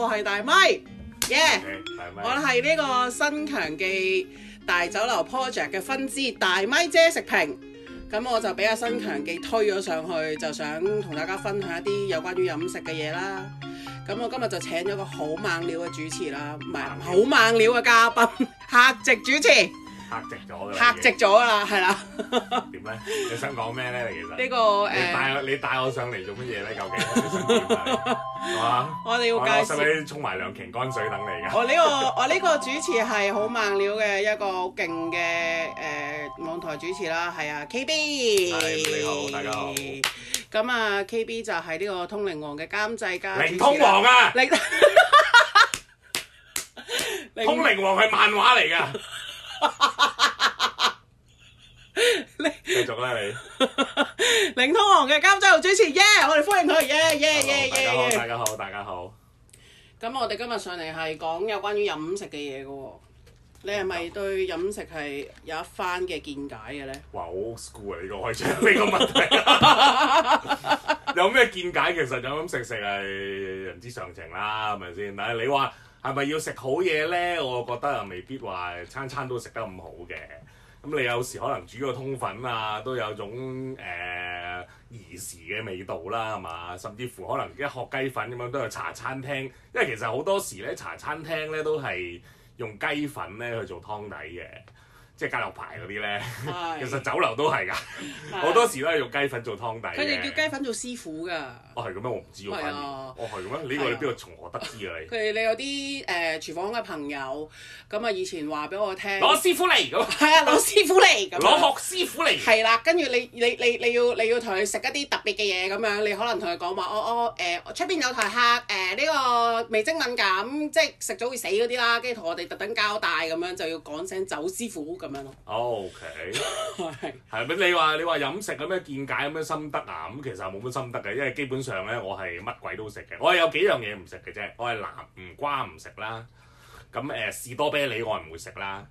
我係大咪耶！Yeah! Okay, 我係呢個新強記大酒樓 project 嘅分支大咪姐食評，咁我就俾阿新強記推咗上去，就想同大家分享一啲有關於飲食嘅嘢啦。咁我今日就請咗個好猛料嘅主持啦，唔係，好客席猛料嘅嘉賓，客席主持，客席咗啦，客席咗啦，係啦已經。點咧？ 你想講咩咧？其實呢、這個誒，帶你帶你帶、呃、我上嚟做乜嘢咧？究竟你想？ 我哋要介紹，我收你沖埋兩瓶干水等你噶、 這個。我呢個我呢個主持係好猛料嘅一個好勁嘅誒網台主持啦，係啊，K B，咁、哎、你好，大家好，啊，K B 就係呢個通靈王嘅監製家，靈通王啊，靈 通靈王係漫畫嚟噶。 咩嚟？ 靈通王嘅監製主持耶，yeah, 我哋歡迎佢耶耶耶耶。Yeah, yeah, yeah, yeah, yeah. 大家好，大家好，大咁我哋今日上嚟係講有關於飲食嘅嘢嘅喎，你係咪對飲食係有一番嘅見解嘅咧？哇，好 school 啊！呢個開車，呢個問題。 有咩見解？其實飲飲食食係人之常情啦，係咪先？但係你話係咪要食好嘢咧？我覺得又未必話餐餐都食得咁好嘅。咁你有時可能煮個通粉啊，都有種誒、呃、兒時嘅味道啦，係嘛？甚至乎可能一殼雞粉咁樣，都有茶餐廳，因為其實好多時咧茶餐廳咧都係用雞粉咧去做湯底嘅。即係街頭牌嗰啲咧，其實酒樓都係㗎，好多時都係用雞粉做湯底。佢哋叫雞粉做師傅㗎。哦係咁咩？我唔知喎。哦係咁咩？呢個你邊度從何得知㗎你？佢你有啲誒廚房嘅朋友，咁啊以前話俾我聽。攞師傅嚟咁，攞師傅嚟咁。攞學師傅嚟。係啦，跟住你你你你要你要同佢食一啲特別嘅嘢咁樣，你可能同佢講話哦，哦，誒出邊有台客誒呢個味精敏感，即係食咗會死嗰啲啦，跟住同我哋特登交代咁樣，就要講聲走師傅咁。OK，係咪你話你話飲食咁樣見解咁樣心得啊？咁其實冇乜心得嘅，因為基本上咧，我係乜鬼都食嘅。我係有幾樣嘢唔食嘅啫。我係南瓜唔食啦，咁誒、呃、士多啤梨我係唔會食啦。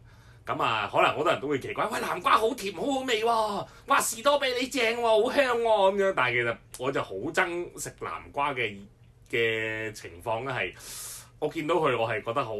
咁啊，可能好多人都會奇怪，喂南瓜好甜好好味喎，啊，哇士多啤梨正喎，啊，好香喎咁樣。但係其實我就好憎食南瓜嘅嘅情況咧，係我見到佢我係覺得好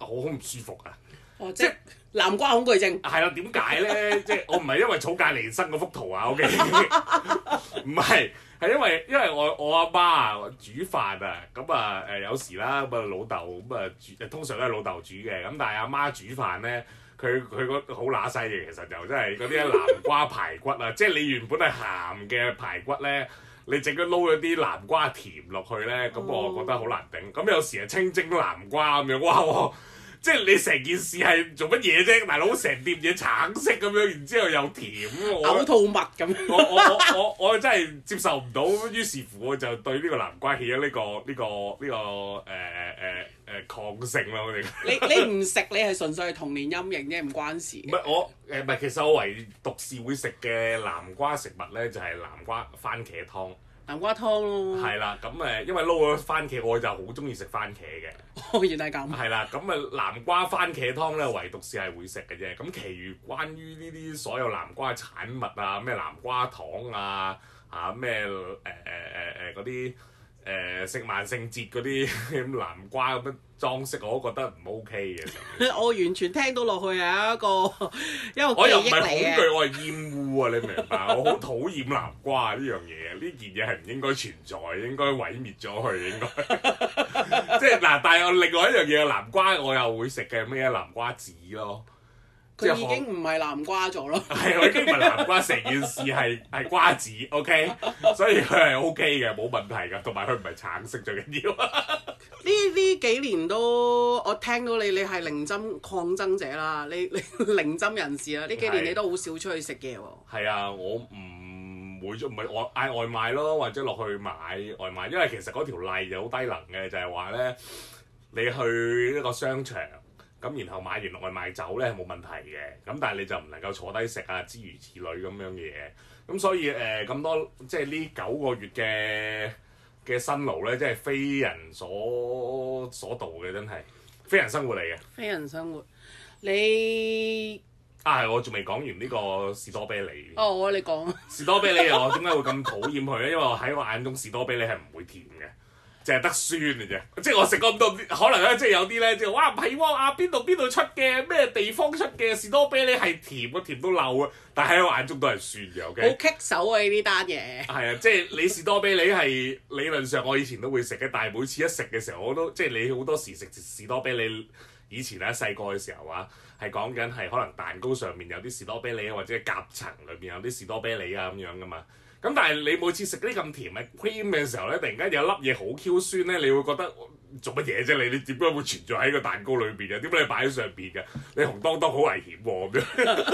好唔舒服啊！啊即，即南瓜恐懼症？係啊，點解咧？ 即係我唔係因為草芥離身嗰幅圖啊，OK？唔 係，係因為因為我我阿媽煮飯啊，咁啊誒有時啦，咁啊老豆咁啊煮，通常都係老豆煮嘅。咁但係阿媽，媽煮飯咧，佢佢個好乸晒嘢。其實就真係嗰啲南瓜排骨啊， 即係你原本係鹹嘅排骨咧，你整到撈咗啲南瓜甜落去咧，咁我覺得好難頂。咁、嗯、有時啊清蒸南瓜咁樣，哇！哇哇哇即係你成件事係做乜嘢啫？大佬成碟嘢橙色咁樣，然之後又甜，我……嘔吐物咁樣 我我我我我真係接受唔到。於是乎我就對呢個南瓜起咗呢、呢個呢、呢個呢、呢個誒誒誒抗性啦！ 我哋你你唔食你係純粹係童年陰影啫，唔關事。唔係我誒唔係，其實我唯獨係會食嘅南瓜食物咧，就係、是、南瓜番茄湯。南瓜湯咯，係啦，咁誒，因為撈個番茄，我就好中意食番茄嘅。我、哦、原來咁。係啦，咁誒南瓜番茄湯咧，唯獨是係會食嘅啫。咁，其餘關於呢啲所有南瓜產物啊，咩南瓜糖啊，嚇咩誒誒誒誒嗰啲。誒食萬聖節嗰啲南瓜咁樣裝飾，我都覺得唔 OK 嘅。 我完全聽到落去係一、那個，因為個我又唔係恐懼，我係厭惡啊！你明白？ 我好討厭南瓜啊。呢樣嘢，呢件嘢係唔應該存在，應該毀滅咗佢，應該。 即係嗱，但係另外一樣嘢，南瓜我又會食嘅，咩南瓜子咯。佢已經唔係南瓜咗咯，係佢已經唔係南瓜，成件事係係瓜子，OK， 所以佢係 OK 嘅，冇問題嘅，同埋佢唔係橙色最緊要。呢 呢幾年都我聽到你你係零針抗爭者啦，你你零針人士啦，呢幾年你都好少出去食嘢喎。係是 啊，我唔會唔係我嗌外賣咯，或者落去買外賣，因為其實嗰條例就好低能嘅，就係話咧，你去一個商場。咁然後買完外賣走咧，係冇問題嘅，咁但係你就唔能夠坐低食啊，諸如此類咁樣嘅嘢。咁所以誒咁、呃、多即係呢九個月嘅嘅辛勞咧，即係非人所所道嘅，真係非人生活嚟嘅。非人生活，你啊，係我仲未講完呢個士多啤梨。哦，我你講士多啤梨啊，我點解會咁討厭佢咧？因為我喺我眼中士多啤梨係唔會甜嘅。淨係得酸嘅啫，即係我食咁多，可能咧，即係有啲咧就哇唔係喎啊，邊度邊度出嘅咩地方出嘅士多啤梨係甜，個甜到漏。啊！但喺我眼中都係酸嘅。okay? 好棘手啊！呢單嘢。係啊， 即係你士多啤梨係理論上我以前都會食嘅，但係每次一食嘅時候，我都即係你好多時食士多啤梨，以前啊細個嘅時候啊，係講緊係可能蛋糕上面有啲士多啤梨或者係夾層裏邊有啲士多啤梨啊咁樣噶嘛。咁但係你每次食嗰啲咁甜嘅 cream 嘅時候咧，突然間有一粒嘢好 q 酸咧，你會覺得做乜嘢啫？你你點解會存在喺個蛋糕裏邊啊？點解你擺喺上邊嘅？你紅當當好危險喎、啊、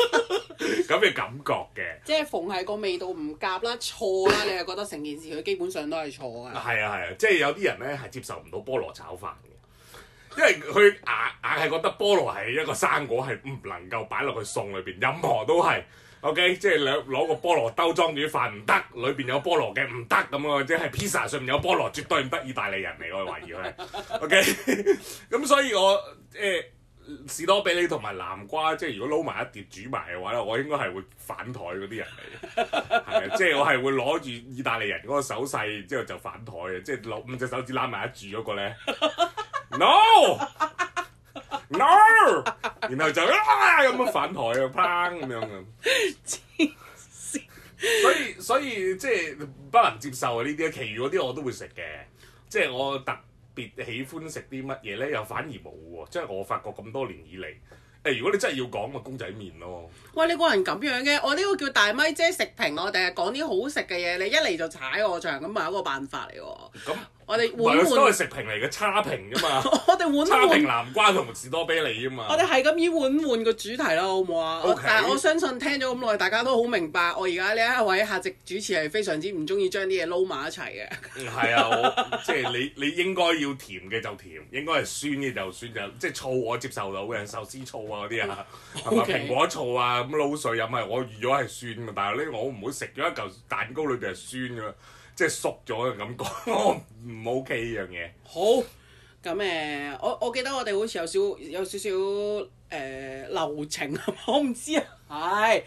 咁 樣。咁嘅感覺嘅，即係逢係個味道唔夾啦，錯啦，你係覺得成件事佢基本上都係錯㗎。係 啊係啊，啊，即係有啲人咧係接受唔到菠蘿炒飯嘅，因為佢硬硬係覺得菠蘿係一個生果，係唔能夠擺落去餸裏邊，任何都係。O、okay, K，即係兩攞個菠蘿兜裝住啲飯唔得，裏邊有菠蘿嘅唔得咁啊！即係披薩上面有菠蘿，有菠蘿絕對唔得，意大利人嚟，我懷疑佢。O K，咁所以我即係、呃、士多啤梨同埋南瓜，即係如果撈埋一碟煮埋嘅話咧，我應該係會反台嗰啲人嚟。係啊， 即係我係會攞住意大利人嗰個手勢之後就反台嘅，即係攞五隻手指攬埋一住嗰個咧。 No。no， 然後就啊咁樣反台啊，砰咁樣嘅 病， 所以所以即係不能接受呢啲，其餘嗰啲我都會食嘅，即係我特別喜歡食啲乜嘢咧，又反而冇喎，即係我發覺咁多年以嚟，誒、哎，如果你真係要講，個公仔麵咯，喂，你個人咁樣嘅、啊，我呢個叫大咪姐食評，我第日講啲好食嘅嘢，你一嚟就踩我場，咁咪有一個辦法嚟喎、啊。我哋換換，都係食評嚟嘅差評啫嘛。 我哋換換差評南瓜同士多啤梨啫嘛。 我哋係咁意換換個主題啦，好唔好啊 Okay.？但係我相信聽咗咁耐，大家都好明白。我而家呢一位客席主持係非常之唔中意將啲嘢撈埋一齊嘅。係 啊，我即係你你應該要甜嘅就甜，應該係酸嘅就酸，就即、是、係醋我接受到嘅，壽司醋啊嗰啲啊，同埋 Okay. 蘋果醋啊咁撈水飲啊。係我預咗係酸，但係咧我唔會食咗一嚿蛋糕裏邊係酸㗎。即係熟咗嘅感覺，我唔好 k 呢樣嘢。Okay、好，咁、嗯、誒，我我記得我哋好似有少有少少誒、呃、流程，我唔知啊。係，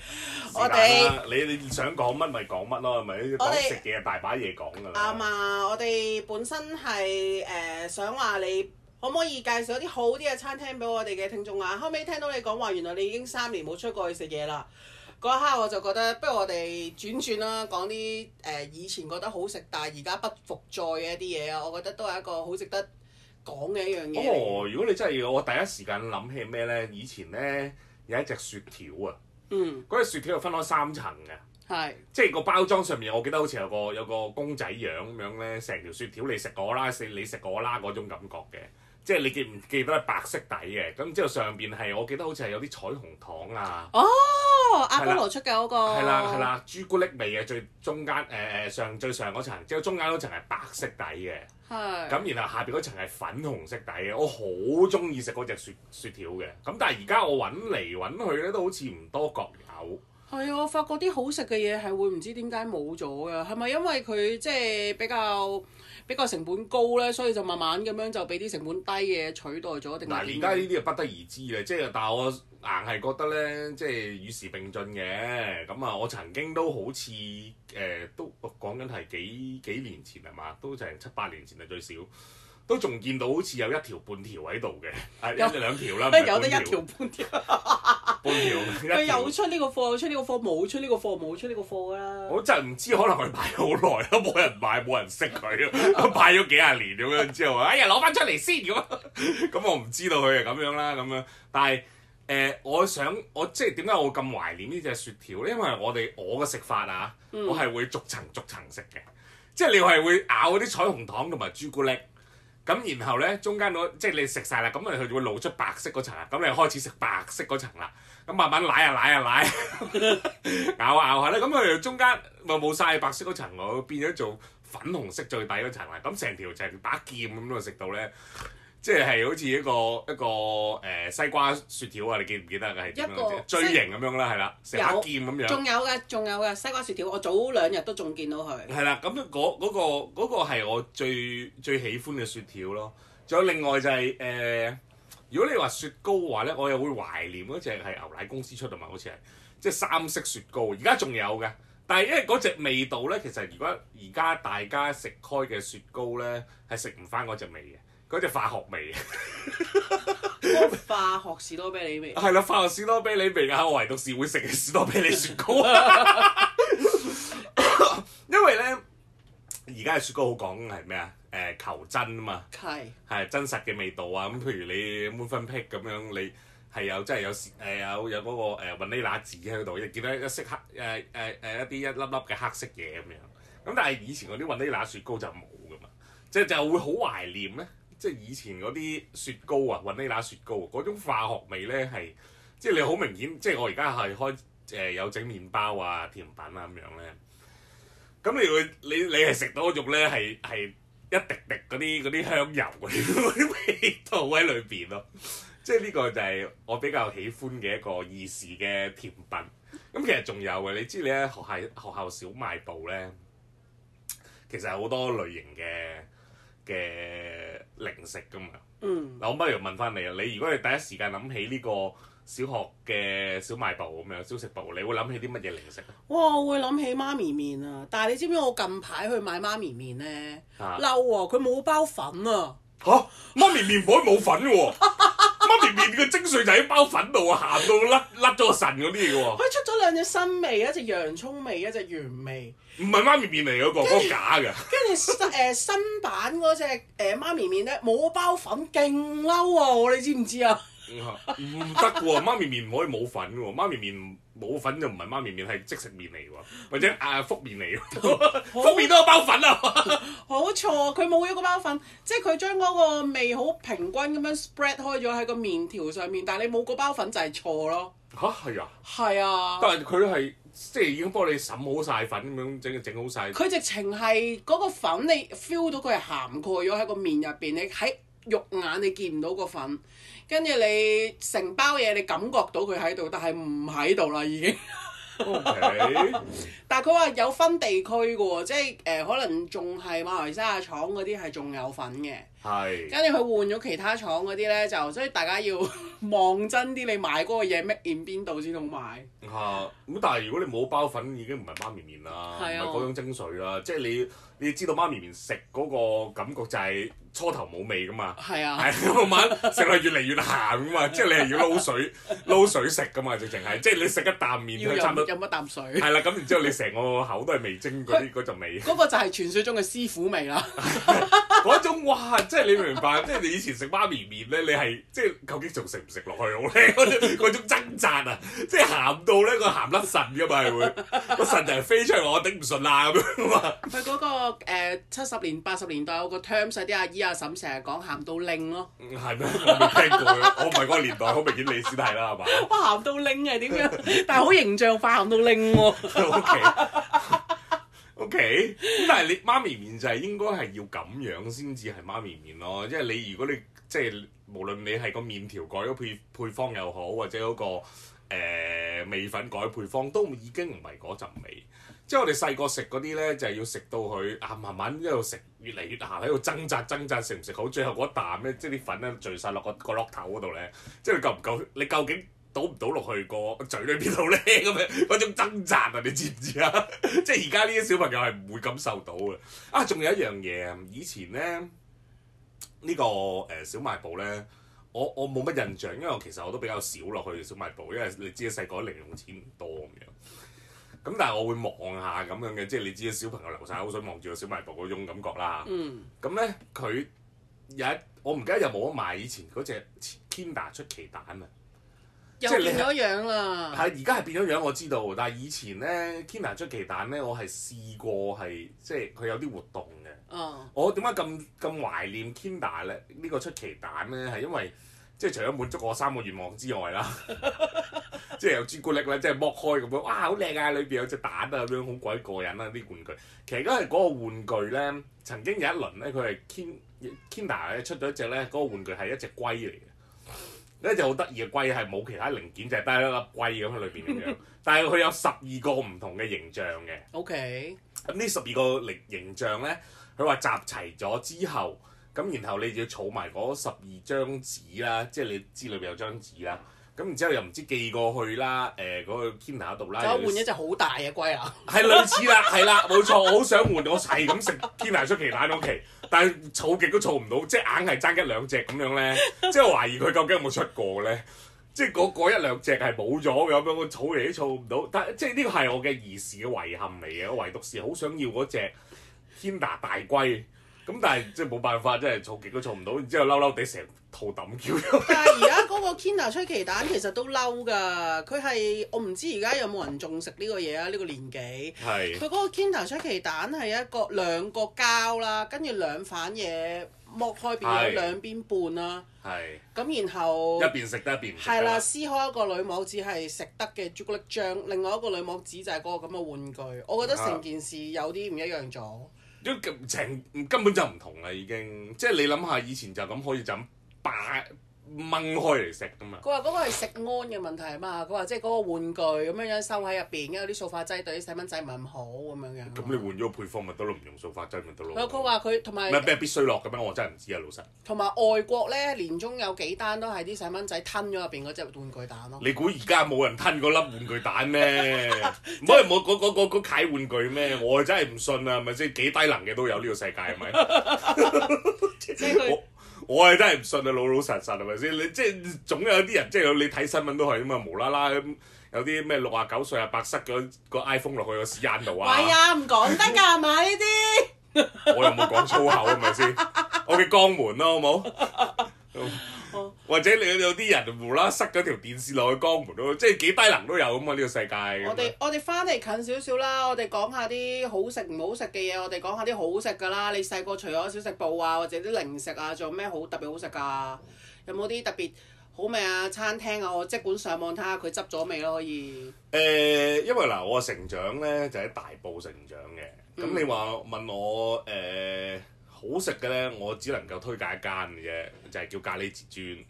我哋你你想講乜咪講乜咯，咪講食嘢大把嘢講㗎啦。啱啊！我哋本身係誒、啊、想話你可唔可以介紹一啲好啲嘅餐廳俾我哋嘅聽眾啊？後尾聽到你講話，原來你已經三年冇出過去食嘢啦。嗰一刻我就覺得，不如我哋轉轉啦，講啲誒以前覺得好食，但係而家不復再嘅一啲嘢啊。我覺得都係一個好值得講嘅一樣嘢。哦，如果你真係要我第一時間諗起咩咧？以前咧有一隻雪條啊，嗯，嗰隻雪條又分開三層嘅，係是即係個包裝上面我記得好似有個有個公仔樣咁樣咧，成條雪條你食過啦，食你食過啦嗰種感覺嘅。即係你記唔記得係白色底嘅？咁之後上邊係我記得好似係有啲彩虹糖啊。哦，啦阿波羅出嘅嗰個。係啦係啦，朱古力味嘅最中間誒誒上最上嗰層，之後中間嗰層係白色底嘅。係是。咁然後下邊嗰層係粉紅色底嘅，我好中意食嗰隻雪雪條嘅。咁但係而家我揾嚟揾去咧，都好似唔多覺有。係啊，我發覺啲好食嘅嘢係會唔知點解冇咗噶，係咪因為佢即係比較比較成本高咧，所以就慢慢咁樣就俾啲成本低嘅取代咗？定係而家呢啲就不得而知咧，即係但係我硬係覺得咧，即係與時並進嘅。咁啊，我曾經都好似誒、呃、都講緊係幾幾年前係嘛，都成七八年前啊最少，都仲見到好似有一條半條喺度嘅，一有 兩條啦，有得一條半條。 佢有出呢個貨，出呢個貨，冇出呢個貨，冇出呢個貨，個貨啦。 我真係唔知，可能佢賣好耐都冇人買，冇人識佢，佢賣咗幾廿年咁樣之後，哎呀，攞翻出嚟先咁。咁我唔知道佢係咁樣啦，咁樣，樣。但係誒、呃，我想我即係點解我咁懷念呢隻雪條咧？因為我哋我嘅食法啊，我係、嗯、會逐層逐層食嘅，即係你係會咬嗰啲彩虹糖同埋朱古力。咁然後咧，中間嗰即係你食晒啦，咁咪佢就會露出白色嗰層啦，咁你開始食白色嗰層啦，咁慢慢舐啊舐啊舐，咬啊咬下咧，咁佢哋中間又冇晒白色嗰層，我變咗做粉紅色最底嗰層啦，咁成條成把劍咁度食到咧。即係好似一個一個誒、呃、西瓜雪條啊！你記唔記得係點樣先？一個錐形咁樣啦，係啦，成一劍咁樣。仲有嘅，仲有嘅西瓜雪條，我早兩日都仲見到佢。係啦，咁嗰嗰個係、那個那個、我最最喜歡嘅雪條咯。仲有另外就係、是、誒、呃，如果你話雪糕嘅話呢，我又會懷念嗰隻係牛奶公司出嘅埋，好似係即係三色雪糕，而家仲有嘅，但係因為嗰隻味道呢，其實如果而家大家食開嘅雪糕呢，係食唔返嗰隻味嘅。嗰隻化學味 化學士多啤梨味。係啦，化學士多啤梨味啊！我唯獨是會食嘅士多啤梨雪糕。 因為咧，而家嘅雪糕好講係咩啊？誒求真啊嘛。係是。係真實嘅味道啊！咁譬如你摩芬癖咁樣，你係有真係有誒有有嗰個誒雲尼拿籽喺度，一見到一色黑誒誒誒一啲一粒粒嘅黑色嘢咁樣。咁但係以前嗰啲雲尼拿雪糕就冇噶嘛，即係就會好懷念咧。即係以前嗰啲雪糕啊，雲呢拿雪糕嗰種化學味咧係，即係你好明顯。即係我而家係開誒、呃、有整麵包啊、甜品啊咁樣咧。咁你會你你係食到嗰種咧係係一滴滴嗰啲嗰啲香油啲味道喺裏邊咯。即係呢個就係我比較喜歡嘅一個意式嘅甜品。咁其實仲有啊，你知你喺學校學校小賣部咧，其實有好多類型嘅。嘅零食㗎嘛，嗱、嗯、我不如問翻你啊，你如果你第一時間諗起呢個小學嘅小賣部咁樣小食部，你會諗起啲乜嘢零食咧？哇，我會諗起媽咪麵啊！但係你知唔知我近排去買媽咪麵咧嬲啊，佢冇、啊、包粉啊！嚇！媽咪麵唔可以冇粉喎，媽咪麵嘅精髓就喺包粉度啊，鹹到甩甩咗個神嗰啲嘢喎。佢出咗兩隻新味，一隻洋葱味，一隻原味。唔係媽咪麵嚟嗰個，嗰個假嘅。跟住誒新版嗰隻誒媽咪麵咧冇包粉，勁嬲喎！你知唔知啊？唔得嘅喎，媽咪麵唔可以冇粉嘅喎，媽咪麵。冇粉就唔係媽咪麵，係即食麵嚟喎，或者啊福麵嚟喎，福麵都有包粉啊！ 好錯，佢冇咗個包粉，即係佢將嗰個味好平均咁樣 spread 開咗喺個麵條上面，但係你冇嗰包粉就係錯咯。吓？係啊！係啊！啊但係佢係即係已經幫你審好晒粉咁樣整，整好晒！佢直情係嗰個粉你 feel 到佢係涵蓋咗喺個麵入邊，你喺肉眼你見唔到個粉。跟住你成包嘢，你感覺到佢喺度，但係唔喺度啦已經。 o Okay . K，但係佢話有分地區喎，即係誒、呃、可能仲係馬來西亞廠嗰啲係仲有粉嘅。係是。跟住佢換咗其他廠嗰啲咧，就所以大家要望真啲，你買嗰個嘢 make in 邊度先好買。係、 嗯，咁但係如果你冇包粉，已經唔係媽咪麵啦，唔係嗰種精髓啦，即係你你知道媽咪麵食嗰個感覺就係、是。初頭冇味噶嘛，係啊，係慢慢食落越嚟越鹹噶嘛，即係你係要撈水撈水食噶嘛，直情係，即係你食一啖麵都差唔多，飲一啖水。係啦，咁然之後你成個口都係味精嗰啲嗰陣味。嗰個就係傳説中嘅師傅味啦，嗰種哇，即係你明白，即係你以前食媽咪麵咧，你係即係究竟仲食唔食落去好咧？嗰種嗰種掙扎啊，即係鹹到咧個鹹甩神噶嘛，係會個神就係飛出嚟，我頂唔順啊咁樣啊嘛。佢嗰個誒七十年八十年代有個㗎細啲阿姨阿、啊、嬸成日講鹹到拎咯，係咩、？ 嗯？我未聽過， 我唔係嗰個年代，好明顯你史題啦，係嘛？哇、 哦，鹹到拎係點樣？但係好形象化，鹹到拎喎、啊。O K，O K，但係你媽咪麵就係應該係要咁樣先至係媽咪麵咯，即、就、為、是、你如果你即係、就是、無論你係個麵條改咗配配方又好，或者嗰、那個味、呃、粉改配方都已經唔係嗰陣味。即係我哋細個食嗰啲咧，就係、是、要食到佢啊，慢慢一路食，越嚟越難喺度掙扎掙扎，食唔食好？最後嗰啖咧，即係啲粉咧聚晒落個個落頭嗰度咧，即係夠唔夠？你究竟倒唔倒落去個嘴裏邊度咧？咁樣嗰種掙扎啊，你知唔知啊？ 即係而家呢啲小朋友係唔會感受到嘅。啊，仲有一樣嘢啊，以前咧呢、這個誒、呃、小賣部咧，我我冇乜印象，因為其實我都比較少落去小賣部，因為你知細個零用錢唔多咁樣。咁、嗯、但係我會望下咁樣嘅，即係你知啦，小朋友流晒口水望住個小賣部嗰種感覺啦。咁咧佢有一我唔記得有冇一買以前嗰隻 Kinder 出奇蛋啊，即係變咗樣啦。係而家係變咗樣，我知道。但係以前咧 Kinder 出奇蛋咧，我係試過係即係佢有啲活動嘅。哦、我點解咁咁懷念 Kinder 咧？呢、呢個出奇蛋咧係因為。即係除咗滿足我三個願望之外啦， 即係有朱古力咧，即係剝開咁樣，哇好靚啊，裏邊有隻蛋啊咁樣，好鬼過癮啊啲玩具。其實因為嗰個玩具咧，曾經有一輪咧，佢係 Kinder 咧出咗一隻咧，嗰、嗰個玩具係一隻龜嚟嘅。呢隻好得意嘅龜係冇其他零件，就係得一粒龜咁喺裏邊咁樣。 但係佢有十二個唔同嘅形象嘅。O K。咁呢十二個形形象咧，佢話集齊咗之後。咁然後你就要儲埋嗰十二張紙啦，即係你知裏邊有張紙啦。咁然之後又唔知寄過去啦，誒嗰個 Kinder 度啦。想換一隻好大嘅龜啊！係類似啦，係啦，冇錯。 我好想換，我係咁食 Kinder 出奇蛋 o 奇，但係儲極都儲唔到，即係硬係爭一兩隻咁樣咧。即係懷疑佢究竟有冇出過咧？即係嗰一兩隻係冇咗咁樣，我儲嚟都儲唔到。但係即係呢個係我嘅兒時嘅遺憾嚟嘅。唯獨是好想要嗰隻 Kinder 大龜。咁、嗯、但係即係冇辦法，真即係做極都做唔到，然之後嬲嬲地成套揼咗。 但係而家嗰個 Kinder 出奇蛋其實都嬲㗎，佢係我唔知而家有冇人仲食呢個嘢啊？呢、這個年紀。係是。佢嗰個 Kinder 出奇蛋係一個兩個膠啦，跟住兩反嘢剝開變咗兩邊半啦。係是。咁、啊、然後。一邊食得，一邊唔食。係啦的，嗯、撕開一個女帽子係食得嘅朱古力醬，另外一個女帽子就係嗰個咁嘅玩具。我覺得成件事有啲唔一樣咗。 都情根本就唔同啦，已經即係你諗下，以前就咁可以就咁擺。掹開嚟食㗎嘛？佢話嗰個係食安嘅問題啊嘛！佢話即係嗰個玩具咁樣樣收喺入邊，因為啲塑化劑對啲細蚊仔唔係咁好咁樣樣。咁、嗯、你換咗個配方咪得咯？唔用塑化劑咪得咯？佢話佢同埋咩必須落咁樣，我真係唔知啊！老實。同埋外國咧，年中有幾單都係啲細蚊仔吞咗入邊嗰隻玩具蛋咯。你估而家冇人吞嗰粒玩具蛋咩？唔好唔好嗰嗰嗰玩具咩？我真係唔信啊！係咪即係幾低能嘅都有呢個世界係咪？即我係真係唔信啊！老老實實係咪先？你即係總有啲人即係你睇新聞都係咁啊！無啦啦咁有啲咩六啊九歲啊白塞咗個 iPhone 落去個屎眼度啊！唔講得㗎嘛呢啲，我又冇講粗口啊，係咪先？我嘅肛門啦，好冇。 或者你有啲人胡啦塞咗條電視落去江湖咯，即係幾低能都有咁啊！呢、呢個世界。我哋我哋翻嚟近少少啦，我哋講下啲好食唔好食嘅嘢。我哋講下啲好食噶啦。你細個除咗小食部啊，或者啲零食啊，仲有咩好特別好食噶？有冇啲特別好味啊餐廳啊？我即管上網睇下佢執咗未咯，可以。誒、呃，因為嗱、呃，我成長咧就喺、是、大埔成長嘅，咁你話問我誒？呃好食嘅呢，我只能夠推介一間嘅就係、是、叫咖喱至尊。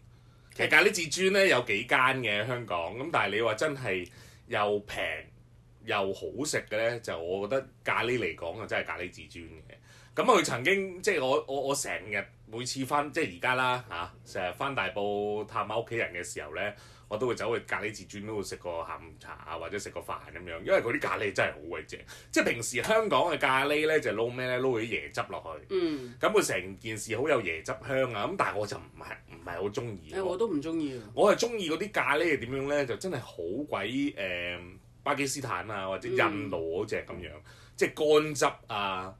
其實咖喱至尊呢，有幾間嘅香港，咁但係你話真係又平又好食嘅呢，就我覺得咖喱嚟講就真係咖喱至尊嘅。咁佢曾經即係我我我成日每次返即係而家啦嚇，成日返大埔探下屋企人嘅時候呢。我都會走去咖喱至尊都會食個下午茶啊，或者食個飯咁樣，因為佢啲咖喱真係好鬼正。即係平時香港嘅咖喱咧，就撈咩咧撈起椰汁落去，嗯，咁佢成件事好有椰汁香啊。咁但係我就唔係唔係好中意。誒，我都唔中意。我係中意嗰啲咖喱係點樣咧？就真係好鬼誒巴基斯坦啊，或者印度嗰隻咁樣，即係乾汁啊。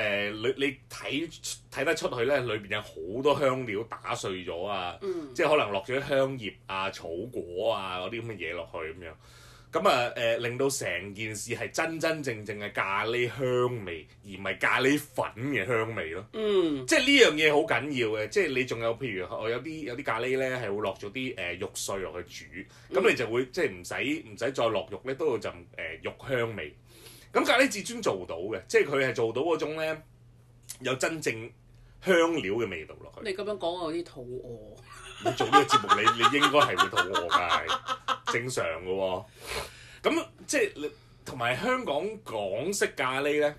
誒、呃，你你睇睇得出去咧，裏邊有好多香料打碎咗啊，嗯、即係可能落咗啲香葉啊、草果啊嗰啲咁嘅嘢落去咁樣，咁啊誒，令到成件事係真真正正嘅咖喱香味，而唔係咖喱粉嘅香味咯、啊。嗯，即係呢樣嘢好緊要嘅，即係你仲有譬如我有啲有啲咖喱咧，係會落咗啲誒肉碎落去煮，咁、嗯、你就會即係唔使唔使再落肉咧，都有陣誒肉香味。咁咖喱至尊做到嘅，即係佢係做到嗰種咧，有真正香料嘅味道落去。你咁樣講，我有啲肚餓。你做呢個節目你，你你應該係會肚餓㗎， 正常嘅喎、哦。咁即係你同埋香港港式咖喱咧，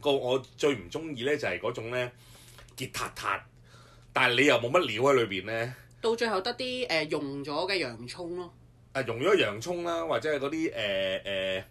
個我最唔中意咧就係嗰種咧，結塌塌，但係你又冇乜料喺裏邊咧。到最後得啲誒溶咗嘅洋葱咯。啊，溶咗洋葱啦，或者係嗰啲誒誒。呃呃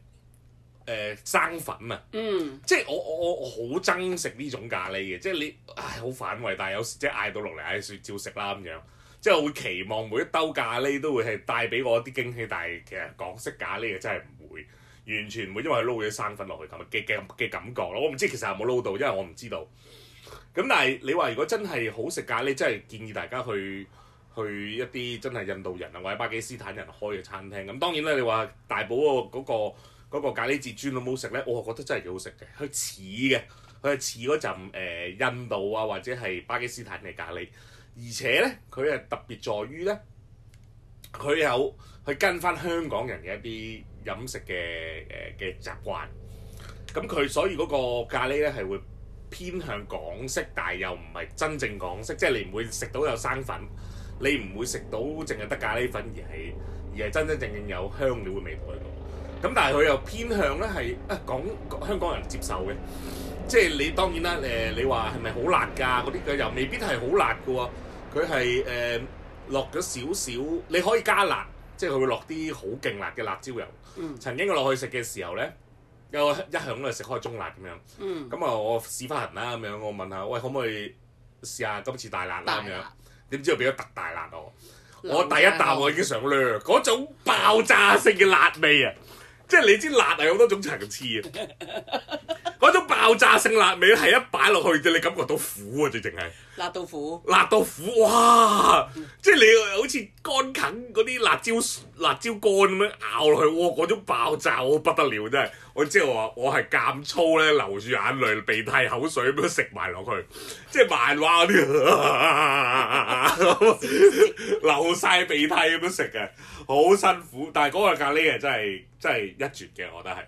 誒、呃、生粉啊，嗯，即係我我我好憎食呢種咖喱嘅，即係你唉好反胃，但係有時即係嗌到落嚟嗌算照食啦咁樣，即係我會期望每一兜咖喱都會係帶俾我一啲驚喜，但係其實港式咖喱嘅真係唔會，完全唔會，因為佢撈咗生粉落去咁嘅嘅嘅感覺咯。我唔知其實有冇撈到，因為我唔知道。咁但係你話如果真係好食咖喱，真係建議大家去去一啲真係印度人啊或者巴基斯坦人開嘅餐廳咁。當然啦，你話大寶個嗰個。嗰個咖喱至尊有冇食咧？我覺得真係幾好食嘅，佢似嘅，佢係似嗰陣誒印度啊或者係巴基斯坦嘅咖喱，而且咧佢係特別在於咧，佢有去跟翻香港人嘅一啲飲食嘅誒嘅習慣。咁、嗯、佢所以嗰個咖喱咧係會偏向港式，但係又唔係真正港式，即係你唔會食到有生粉，你唔會食到淨係得咖喱粉而，而係而係真真正正有香料嘅味道喺咁但係佢又偏向咧係啊，講香港人接受嘅，即係你當然啦誒、呃，你話係咪好辣㗎嗰啲嘅又未必係好辣嘅喎，佢係誒落咗少少，你可以加辣，即係佢會落啲好勁辣嘅辣椒油。嗯、曾經我落去食嘅時候咧，又一向都係食開中辣咁樣。咁啊、嗯嗯，我試翻痕啦咁樣，我問下喂，可唔可以試下今次大辣啦咁樣？點辣知佢畀咗特大辣我，我第一啖我已經想掠嗰種爆炸性嘅辣味啊！即係你知辣係有好多種層次啊！嗰 種爆炸性辣味係一擺落去，你感覺到苦啊！就淨係辣到苦，辣到苦，哇！ 即係你好似乾啃嗰啲辣椒辣椒乾咁樣咬落去，喎嗰種爆炸我不得了，真係。我知我我係夾粗咧，流住眼淚、鼻涕、口水咁樣食埋落去，即係漫畫嗰啲流晒鼻涕咁樣食嘅，好辛苦。但係嗰個咖喱係真係真係一絕嘅，我覺得係。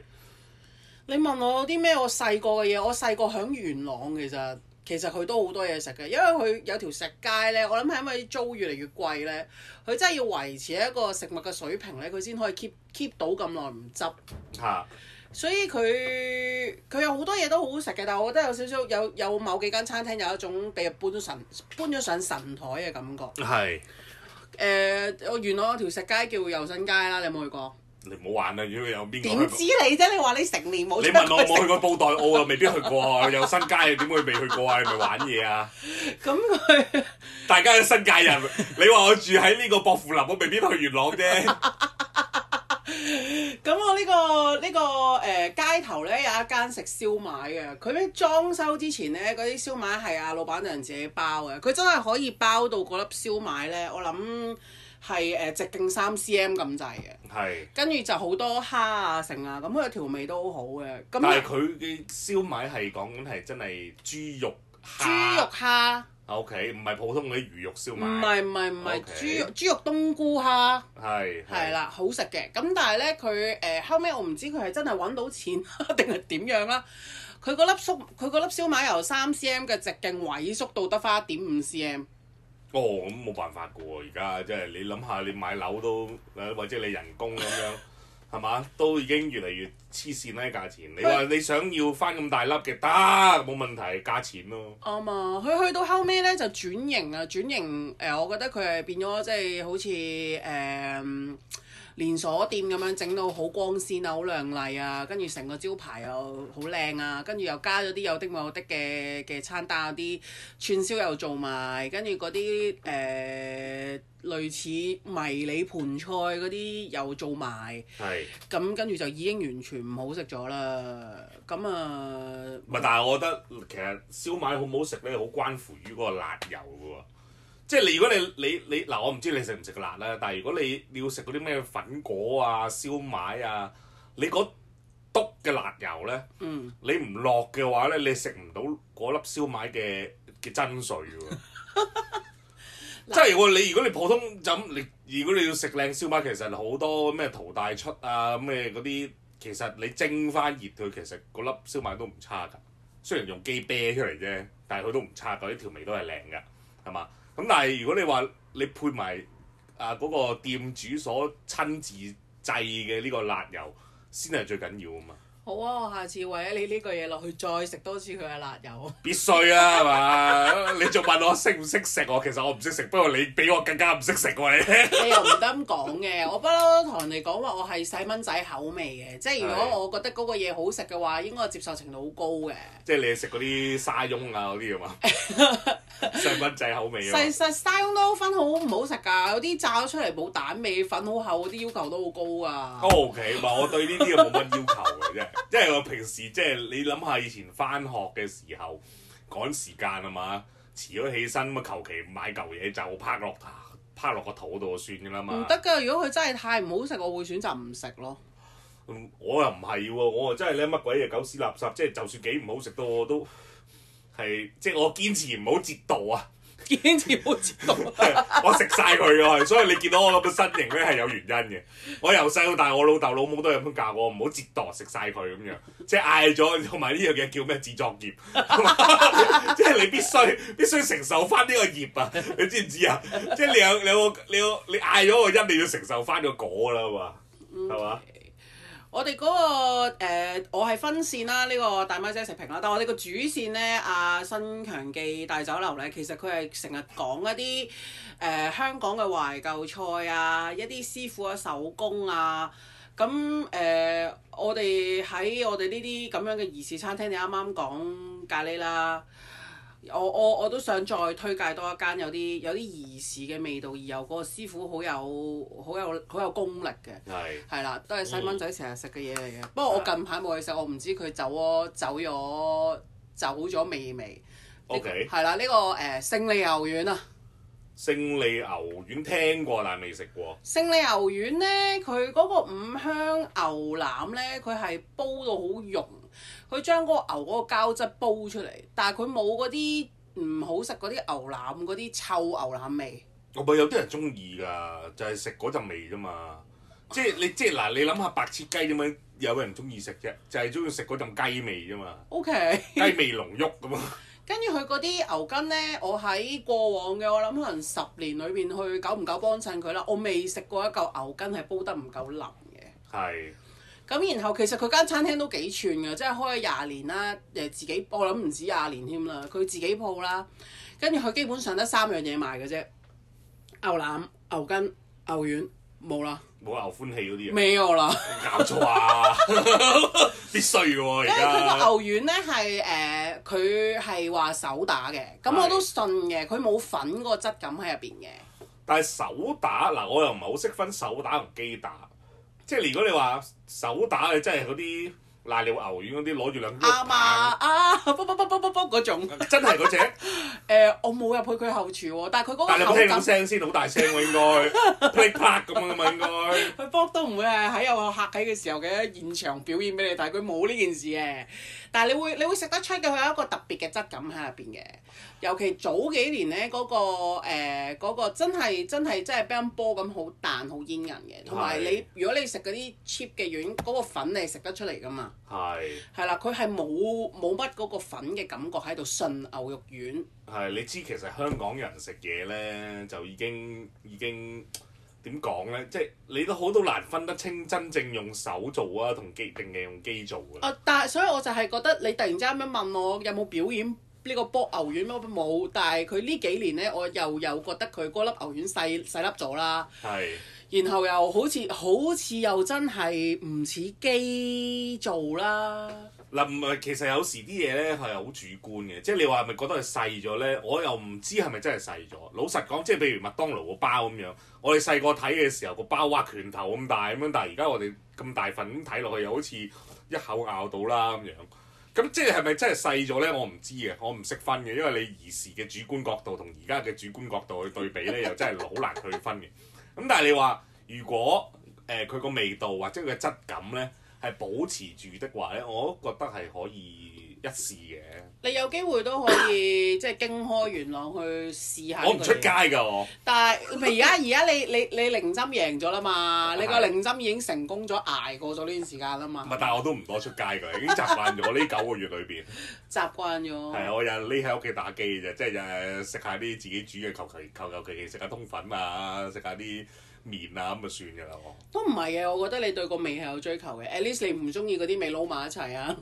你問我啲咩？我細個嘅嘢，我細個喺元朗其實其實佢都好多嘢食嘅，因為佢有條食街咧。我諗係因為租越嚟越貴咧？佢真係要維持一個食物嘅水平咧，佢先可以 keep keep 到咁耐唔執。嚇～、啊所以佢佢有好多嘢都好好食嘅，但係我覺得有少少有有某幾間餐廳有一種被，比搬咗神搬咗上神台嘅感覺。係是。誒、呃，我元朗有條食街叫又新街啦，你有冇去過？你唔好玩啦，如果有邊？點知你啫？你話你成年冇？你問我冇去過布袋澳啊？未必去過啊！又 新街點會未去過啊？你咪玩嘢啊？咁佢，大家係新界人，你話我住喺呢個薄扶林，我未必去元朗啫。 咁我呢個呢個誒街頭呢，有一間食燒賣嘅，佢喺裝修之前呢，嗰啲燒賣係阿老闆娘自己包嘅，佢真係可以包到嗰粒燒賣呢。我諗係誒直徑三 cm 咁滯嘅，係，跟住就好多蝦啊剩啊，咁佢調味都好好嘅。但係佢嘅燒賣係講緊係真係豬肉蝦。豬肉蝦 O.K. 唔係普通嗰啲魚肉燒賣，唔係唔係唔係豬肉豬肉冬菇蝦，係係啦，好食嘅。咁但係咧，佢誒、呃、後尾我唔知佢係真係揾到錢定係點樣啦。佢嗰粒縮，佢粒燒賣由三 C.M. 嘅直徑萎縮，縮到得返一點五 C.M. 哦，咁冇辦法噶喎，而家即係你諗下，你買樓都或者你人工咁樣。 係嘛？都已經越嚟越黐線啦啲價錢。你話你想要翻咁大粒嘅，得，冇問題，價錢咯。啱啊、嗯！佢去到後尾咧就轉型啊，轉型，誒，我覺得佢係變咗即係好似誒。嗯連鎖店咁樣整到好光鮮啊，好亮麗啊，跟住成個招牌又好靚啊，跟住又加咗啲有啲冇有啲嘅嘅餐單，啲串燒又做埋，跟住嗰啲誒類似迷你盤菜嗰啲又做埋，係是，咁跟住就已經完全唔好食咗啦，咁啊，咪但係我覺得其實燒賣好唔好食咧，好關乎於嗰個辣油嘅喎。即係你，如果你你你嗱，我唔知你食唔食辣啦。但係如果你你要食嗰啲咩粉果啊、燒賣啊，你嗰篤嘅辣油咧，嗯，你唔落嘅話咧，你食唔到嗰粒燒賣嘅嘅真髓喎。即係你如果你普通就咁，你如果你要食靚燒賣，其實好多咩淘大出啊、咩嗰啲，其實你蒸翻熱佢，其實嗰粒燒賣都唔差㗎。雖然用機啤出嚟啫，但係佢都唔差㗎，啲調味都係靚㗎，係嘛？咁但係如果你話你配埋啊、嗰個店主所親自製嘅呢個辣油，先係最緊要啊嘛～好啊！我下次為咗你呢個嘢落去，再食多次佢嘅辣油。必須啊，係嘛？ 你仲問我識唔識食？懂懂我其實我唔識食，不過你比我更加唔識食喎你。你又唔得咁講嘅，我不嬲都同人哋講話，我係細蚊仔口味嘅。即係如果我覺得嗰個嘢好食嘅話，應該接受程度好高嘅。即係你食嗰啲沙翁啊嗰啲啊嘛，細蚊仔口味啊。其實沙翁都分好唔好食㗎，有啲炸咗出嚟冇蛋味，粉好厚，啲要求都好高啊。哦、o、OK, K， 我對呢啲又冇乜要求㗎啫。 因為我平時即係、就是、你諗下以前翻學嘅時候趕時間啊嘛，遲咗起身咁啊，求其買嚿嘢就啪落啪落個肚度就算㗎啦嘛。唔得㗎，如果佢真係太唔好食，我會選擇唔食咯。我又唔係喎，我真係咧乜鬼嘢狗屎垃，垃圾，即、就、係、是、就算幾唔好食到我都係即係我堅持唔好折墮啊！已堅持冇折墮， 我食晒佢㗎係， 所以你見到我個身形咧係有原因嘅。我由細到大，我老豆老母都係咁教我，唔好折墮，食晒佢咁樣，即係嗌咗同埋呢樣嘢叫咩自作孽， 即係你必須必須承受翻呢個孽啊！你知唔知啊？即係你有你有你有你嗌咗個因，你要承受翻個果啦嘛，係嘛？Okay. 我哋嗰、那個、呃、我係分線啦，呢、這個大咪姐食評啦，但係我哋個主線呢，阿、啊、新強記大酒樓呢，其實佢係成日講一啲誒、呃、香港嘅懷舊菜啊，一啲師傅嘅手工啊，咁誒、呃，我哋喺我哋呢啲咁樣嘅二線餐廳，你啱啱講咖喱啦。我我我都想再推介多一間有啲有啲兒時嘅味道，而有嗰個師傅好有好有好有功力嘅。係係是啦，都係細蚊仔成日食嘅嘢嚟嘅。嗯、不過我近排冇去食，我唔知佢走走咗走咗未未？OK 係啦，呢、這個誒、呃、勝利牛丸啊！勝利牛丸聽過，但係未食過。勝利牛丸呢，佢嗰個五香牛腩呢，佢係煲到好溶。佢將嗰個牛嗰個膠質煲出嚟，但係佢冇嗰啲唔好食嗰啲牛腩嗰啲臭牛腩味。我咪有啲人中意㗎，就係食嗰陣味啫嘛。即係你即係嗱，你諗下白切雞點樣有人中意食啫？就係中意食嗰陣雞味啫嘛。OK。雞味濃郁咁嘛。跟住佢嗰啲牛筋咧，我喺過往嘅，我諗可能十年裏邊去久唔久幫襯佢啦。我未食過一嚿牛筋係煲得唔夠腍嘅。係。咁然後其實佢間餐廳都幾串㗎，即係開咗廿年啦，誒自己我諗唔止廿年添啦，佢自己鋪啦，跟住佢基本上得三樣嘢賣嘅啫，牛腩、牛筋、牛丸，冇啦。冇牛歡喜嗰啲啊！咩喎啦？搞錯啊！必須喎！因為佢個牛丸咧，係誒佢係話手打嘅，咁我都信嘅，佢冇是粉個質感喺入邊嘅。但係手打嗱，我又唔係好識分手打同機打。即係如果你話手打嘅，真係嗰啲瀨尿牛丸嗰啲，攞住兩，啱啊！啊，卜卜卜卜卜卜嗰種，真係嗰隻。誒 、呃，我冇入去佢後廚喎，但係佢嗰個，但係你播聽唔聲先，好大聲喎、啊、應該，噼啪咁樣噶嘛應該。佢卜 都唔會係喺有客喺嘅時候嘅現場表演俾你睇，但係佢冇呢件事嘅。但係你會你會食得出嘅，佢有一個特別嘅質感喺入邊嘅。尤其早幾年咧，嗰、那個誒、呃那個、真係真係真係乒乓波咁好彈好煙韌嘅，同埋你的如果你食嗰啲 cheap 嘅丸，嗰、那個粉你食得出嚟噶嘛？係係啦，佢係冇冇乜嗰個粉嘅感覺喺度，純牛肉丸。係你知其實香港人食嘢咧，就已經已經點講咧？即係、就是、你都好都難分得清真正用手做啊，同機定係用機做㗎。哦、啊，但係所以我就係覺得你突然之間咁樣問我有冇表演？呢個包牛丸冇，但係佢呢幾年咧，我又又覺得佢嗰粒牛丸細細粒咗啦。係是。然後又好似好似又真係唔似機做啦。嗱，唔係，其實有時啲嘢咧係好主觀嘅，即係你話係咪覺得佢細咗咧？我又唔知係咪真係細咗。老實講，即係譬如麥當勞個包咁樣，我哋細個睇嘅時候個包哇，拳頭咁大咁樣，但係而家我哋咁大份咁睇落去又好似一口咬到啦咁樣。咁即係係咪真係細咗呢？我唔知嘅，我唔識分嘅，因為你兒時嘅主觀角度同而家嘅主觀角度去對比呢， 又真係好難去分嘅。咁但係你話如果誒佢個味道或者佢嘅質感呢，係保持住的話呢，我都覺得係可以。一試嘅，你有機會都可以即係、就是、經開元朗去試下我。我唔出街㗎我。但係唔係而家而家你你你零針贏咗啦嘛？ 你個零針已經成功咗，捱過咗呢段時間啦嘛。唔係，但係我都唔多出街㗎，已經習慣咗呢九個月裏邊。 習慣咗了。係 我日匿喺屋企打機嘅啫，即係日日食下啲自己煮嘅，求求求求其其食下通粉啊，食下啲麵啊，咁就算㗎啦我。都唔係嘅，我覺得你對個味係有追求嘅。At least 你唔中意嗰啲味撈埋一齊啊。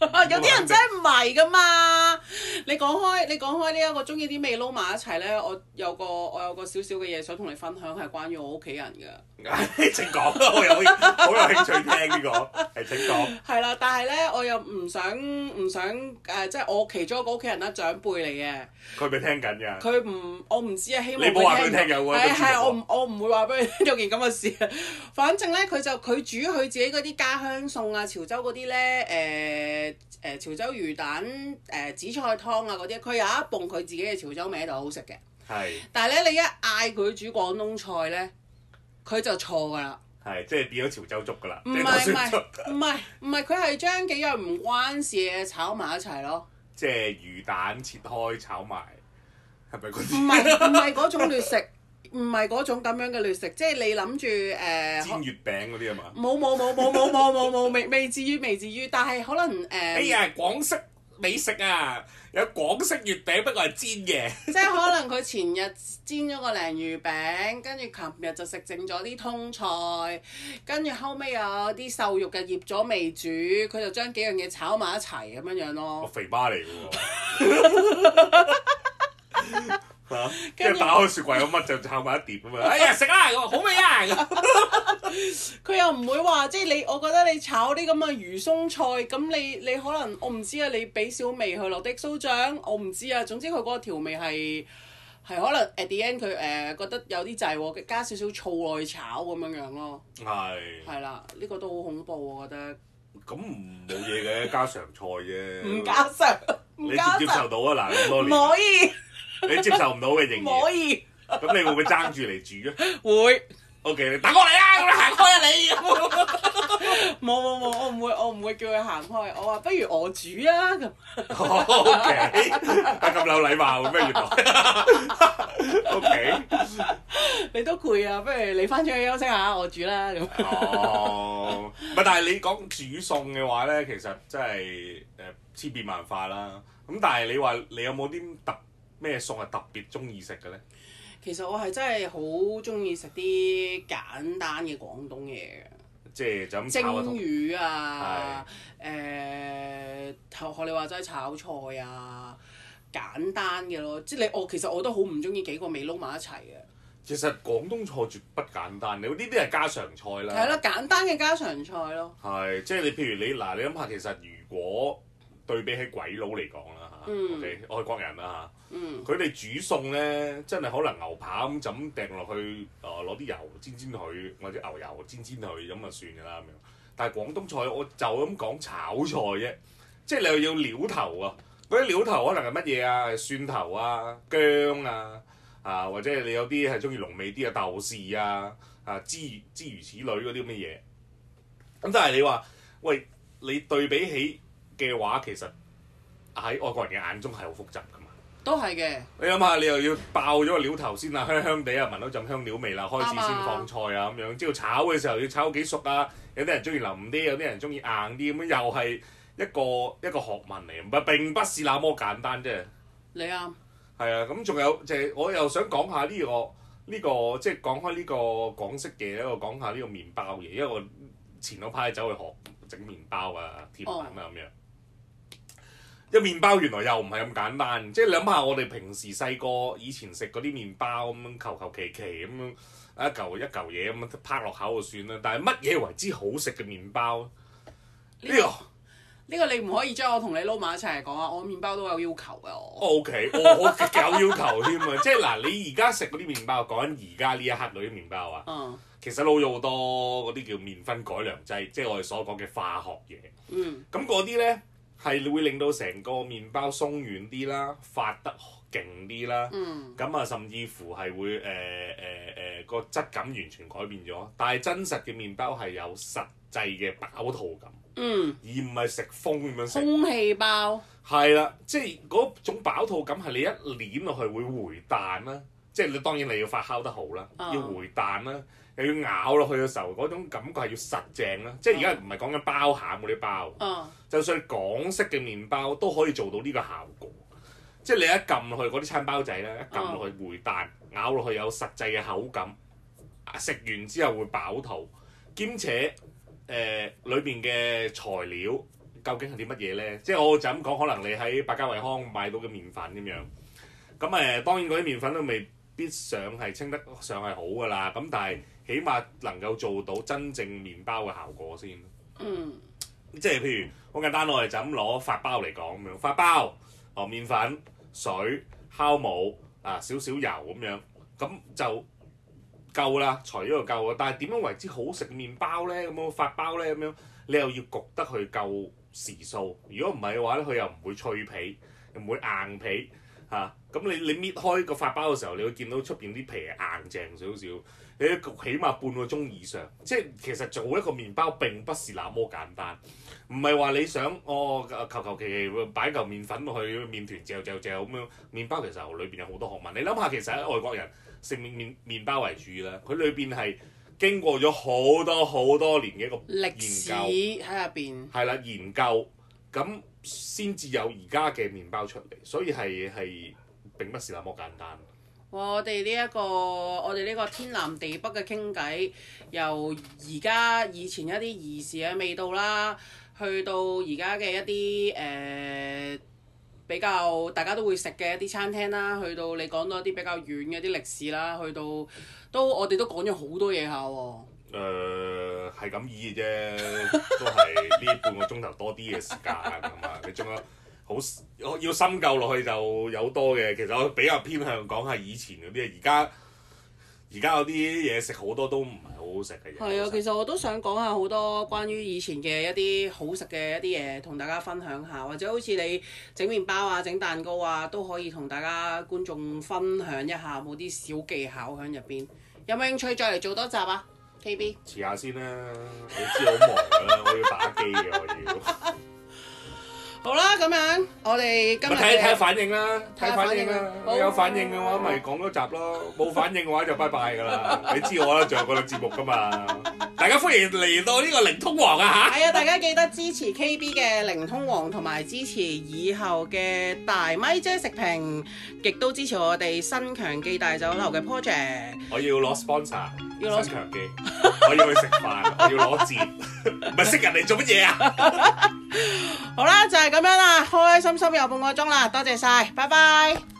有啲人真係唔係噶嘛？你講開，你講開一呢一個中意啲味撈埋一齊咧，我有個我有個少少嘅嘢想同你分享，係關於我屋企人噶。係，請講，我有好有興趣聽呢、呢個，係請講。係啦， 但係咧，我又唔想唔想誒、呃，即係我其中一個屋企人啦，長輩嚟嘅。佢咪聽緊㗎？佢唔，我唔知啊。希望你唔好話俾佢聽嘅喎。係，我唔我唔會話俾你聽做件咁嘅事。反正咧，佢就佢煮佢自己嗰啲家鄉餸啊，潮州嗰啲咧誒。呃誒潮州魚蛋誒、呃、紫菜湯啊嗰啲，佢有一盤佢自己嘅潮州味喺度好食嘅。係。但係咧，你一嗌佢煮廣東菜咧，佢就錯㗎啦。係，即係變咗潮州粥㗎啦。唔係唔係唔係唔係，佢係將幾樣唔關事嘅炒埋一齊咯。即係魚蛋切開炒埋，係咪嗰啲？唔係唔係嗰種劣食。唔係嗰種咁樣嘅劣食，即係你諗住誒？呃、煎月餅嗰啲吖嘛？冇冇冇冇冇冇冇冇未未至於未至於，但係可能誒。呃、哎呀，廣式美食啊，有廣式月餅不，不過係煎嘅。即係可能佢前日煎咗個鯪魚餅，跟住琴日就食剩咗啲通菜，跟住後尾有啲瘦肉嘅醃咗未煮，佢就將幾樣嘢炒埋一齊咁樣樣咯。我肥媽嚟㗎喎！ 跟住打開雪櫃，個乜就炒埋一碟 樣啊嘛！哎呀，食啦，好味啊！佢 又唔會話，即係你，我覺得你炒啲咁嘅魚鬆菜，咁你你可能我唔知啊，你俾少味去落啲酥醬，我唔知啊。總之佢嗰個調味係係可能 at the end 佢誒覺得有啲滯喎，加少少醋落去炒咁樣樣咯。係是。係啦，呢個都好恐怖，我覺得。咁冇嘢嘅家常菜啫。唔 加常。加你接唔接受到啊？嗱，咁多年。唔可以。你接受唔到嘅仍然可以。咁你會唔會爭住嚟煮咧？ 會 O.K. 你打過嚟啊！咁行開啊！你冇冇冇，我唔會我唔會叫佢行開。我話不如我煮啊咁。 oh, O.K. 啊咁有禮貌，咩原來 ？O.K. 你都攰啊，不如你翻出去休息下，我煮啦、啊、咁。哦，唔、 oh, 但係你講煮餸嘅話咧，其實真係誒千變萬化啦。咁但係你話你有冇啲特？咩餸係特別中意食嘅咧？其實我係真係好中意食啲簡單嘅廣東嘢嘅。即係就咁蒸魚啊，誒學學你話齋炒菜啊，簡單嘅咯。即係你我其實我都好唔中意幾個味撈埋一齊嘅。其實廣東菜絕不簡單，你呢啲係家常菜啦。係啦，簡單嘅家常菜咯。係，即係你譬如你嗱，你諗下其實如果對比起鬼佬嚟講啦。o、okay，外國人啦嚇，佢、啊、哋、嗯、煮餸咧，真係可能牛扒咁就咁掟落去，誒攞啲油煎煎佢，或者牛油煎煎佢咁啊算㗎啦咁樣。但係廣東菜我就咁講炒菜啫，即係你又要料頭啊，嗰啲料頭可能係乜嘢啊？蒜頭啊、薑啊，啊或者你有啲係中意濃味啲嘅豆豉啊，啊之之如此類嗰啲咁嘅嘢。咁但係你話，喂，你對比起嘅話，其實～喺外國人嘅眼中係好複雜㗎嘛，都係嘅。你諗下，你又要爆咗個料頭先啊，香香地啊，聞到陣香料味啦，開始先放菜啊，咁樣，之後炒嘅時候要炒到幾熟啊，有啲人中意腍啲，有啲人中意硬啲，咁又係一個一個學問嚟，唔係並不是那麼簡單啫。你啊。係啊，咁仲有就係我又想講下呢個呢個，即係講開呢個港式嘅，一個講下呢個麵包嘢，因為我前嗰排走去學整麵包啊，甜品啊咁樣。一麵包原來又唔係咁簡單，即係你諗下，我哋平時細個以前食嗰啲麵包咁樣求求其其咁樣一嚿一嚿嘢咁樣拍落口就算啦。但係乜嘢為之好食嘅麵包？呢個呢個你唔可以將我同你撈埋一齊嚟講啊！嗯。我麵包都有要求嘅我。OK，哦，我有要求添啊！ 即係嗱，你而家食嗰啲麵包，講緊而家呢一刻嗰啲麵包啊。嗯。其實撈咗好多嗰啲叫麵粉改良劑，即係我哋所講嘅化學嘢。嗯。咁嗰啲呢。係你會令到成個麵包鬆軟啲啦，發得勁啲啦。咁啊、嗯，甚至乎係會誒誒誒個質感完全改變咗。但係真實嘅麵包係有實際嘅飽肚感，嗯、而唔係食風咁樣食。空氣包係啦，即係嗰種飽肚感係你一捻落去會回彈啦。即係你當然你要發酵得好啦，嗯、要回彈啦。又要咬落去嘅時候，嗰種感覺係要實淨啦。即係而家唔係講緊包餡嗰啲包，uh. 就算港式嘅麵包都可以做到呢個效果。即係你一撳落去嗰啲餐包仔咧，一撳落去回彈，uh. 咬落去有實際嘅口感，食完之後會飽肚，兼且誒裏邊嘅材料究竟係啲乜嘢呢？即係我就咁講，可能你喺百佳惠康買到嘅麵粉咁樣，咁誒、呃、當然嗰啲麵粉都未必上係稱得上係好㗎喇。咁但係起碼能夠做到真正麵包嘅效果先。嗯，即係譬如好簡單，我哋就咁攞法包嚟講咁樣，法包，哦，麵粉、水、酵母啊，少少油咁樣，咁就夠啦。除咗夠，但係點樣為之好食嘅麵包咧？咁樣法包咧，咁樣你又要焗得去夠時數。如果唔係嘅話咧，佢又唔會脆皮，又唔會硬皮。嚇！咁、啊、你你搣開個發包嘅時候，你會見到出邊啲皮硬淨少少。你起碼半個鐘以上，即係其實做一個麵包並不是那麼簡單。唔係話你想哦求求其其擺嚿麵粉落去，麵團嚼嚼嚼咁樣。麵包其實裏邊有好多學問。你諗下，其實喺外國人食麵麵包為主啦，佢裏邊係經過咗好多好多年嘅一個歷史喺入邊。係啦，研究咁。先至有而家嘅麵包出嚟，所以係係並不是那麼簡單。哇！我哋呢一個我哋呢個天南地北嘅傾偈，由而家以前一啲兒時嘅味道啦，去到而家嘅一啲誒、呃、比較大家都會食嘅一啲餐廳啦，去到你講到一啲比較遠嘅啲歷史啦，去到都我哋都講咗好多嘢下喎。誒係咁意嘅啫，都係呢半個鐘頭多啲嘅時間咁啊！你仲 有好要深究落去就有多嘅，其實我比較偏向講下以前嗰啲啊，而家而家有啲嘢食好多都唔係好好食嘅嘢。係 啊，其實我都想講下好多關於以前嘅一啲好食嘅一啲嘢，同大家分享下，或者好似你整麵包啊、整蛋糕啊，都可以同大家觀眾分享一下，冇啲小技巧喺入邊，有冇興趣再嚟做多集啊？KB，遲下先啦，你知我好忙啦，我要打機嘅我要。好啦，咁樣我哋今日睇睇反應啦，睇反應啦。有反應嘅話，咪講多集咯，冇反應嘅話，就拜拜噶啦。你知我啦，仲有嗰兩節目噶嘛。大家歡迎嚟到呢個靈通王啊吓！係啊，大家記得支持 KB 嘅靈通王，同埋支持以後嘅大咪姐食評，亦都支持我哋新強記大酒樓嘅 project。我要攞 sponsor。要攞強記， 我要去食飯， 我要攞折，唔係識人嚟做乜嘢啊？ 好啦，就係、是、咁樣啦，開開心心有半個鐘啦，多謝晒，拜拜。